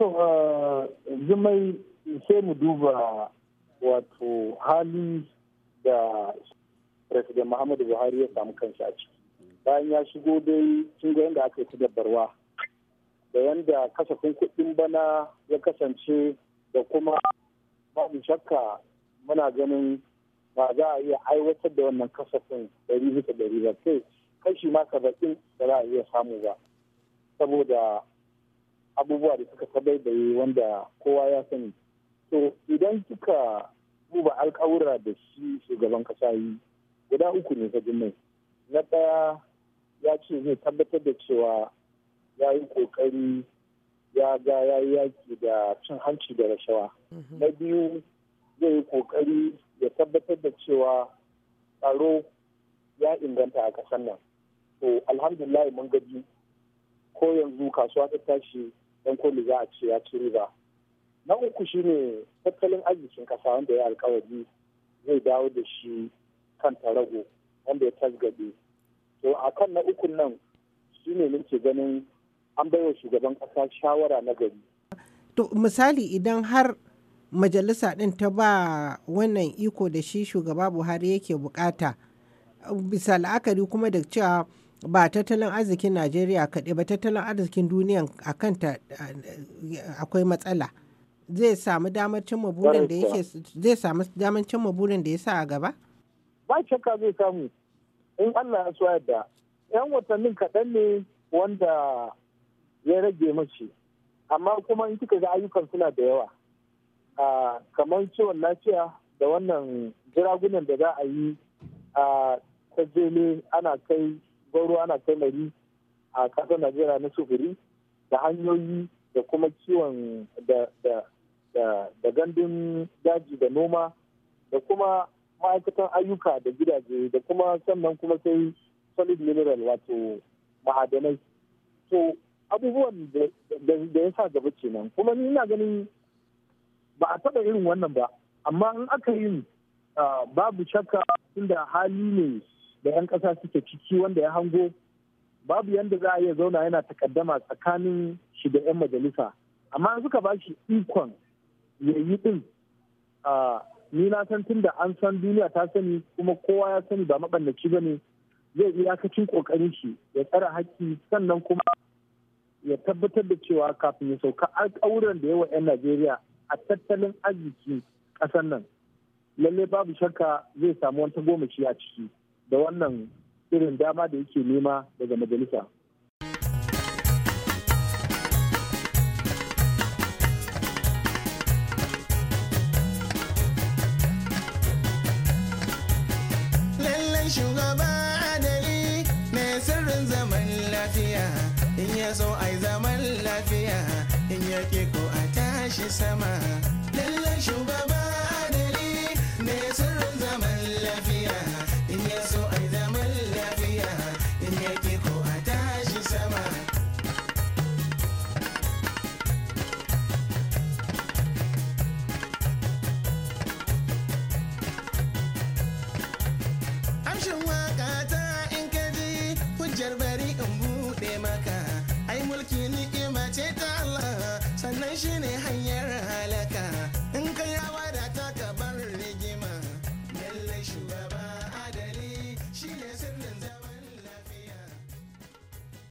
To, uh, jimai sai mu duba wato hali da President Muhammadu Buhari ya samu kansa a ciki. Bayan ya shigo dai sun ga yadda aka yi dabarwa da yadda kasafin kuɗin bana ya kasance da kuma babu shakka muna ganin ba za a iya aiwatar da wannan kasafin ɗari bisa ɗari ba kai kashi ma saba'in ba za a iya samu ba saboda abubuwa da suka yi wanda kowa ya sani to idan kika buba alkawura da shi shugaban kasa yi guda uku ne ta mai na ɗaya ya ce zai tabbatar da cewa ya yi ƙoƙari ya ga ya yi yaƙi da cin hanci da rashawa mhm. na biyu zai yi ƙoƙari ya tabbatar da cewa tsaro ya inganta a kasan nan to alhamdulillah mun gaji ko yanzu kasuwa ta tashi dan koli za a ce ya ci riba na uku shine tattalin arzikin kasa wanda ya alkawari zai dawo da shi kan tarago wanda ya tasgabe to a kan na ukun nan shine nake ganin an baiwa shugaban kasa shawara na gari to misali idan har majalisa ɗin ta ba wannan iko da shi shugaba buhari yake bukata bisa la'akari kuma da cewa ba tattalin arzikin najeriya kaɗai ba tattalin arzikin duniya a kanta eh, akwai matsala zai samu damar cimma burin da ya sa a gaba ba shakka zai samu in allah ya suwa da yan watannin kaɗan ne wanda ya rage mace amma kuma in kika ga ayyukan suna da yawa kamar ciwon lafiya da wannan jiragunan da za a yi a ta jele ana kai gauro ana taimari a ƙasar najeriya na sufuri da hanyoyi da kuma kiwon da gandun daji da noma da kuma ma'aikatan ayyuka da gidaje da kuma sannan kuma sai solid mineral wato ma'adanai to abubuwan da ya sa gaba kenan kuma ni ina ganin ba a taɓa irin wannan ba amma in aka yi ah, babu shakka tunda hali ne da 'yan ƙasa suke ciki wanda ya hango babu yadda za a iya zauna yana takaddama tsakanin shi da 'yan majalisa amma suka ba shi ikon ya yi a ni na san tun da an san duniya ta sani kuma kowa ya sani ba maɓannaci ba ne zai iyakacin ƙoƙarin shi ya tsara haƙƙi sannan kuma ya tabbatar da cewa kafin ya sauka alƙawuran da yawa 'yan najeriya a tattalin arziki ƙasar nan lallai babu shakka zai samu wata shi a ciki da wannan irin dama da yake nema daga majalisa. Lallai shugaba adali mai sirrin zaman lafiya in ya so ai zaman lafiya in ya ko a tashi sama. Lallai shugaba mulki ni'ima ce ta Allah sannan shi ne hanya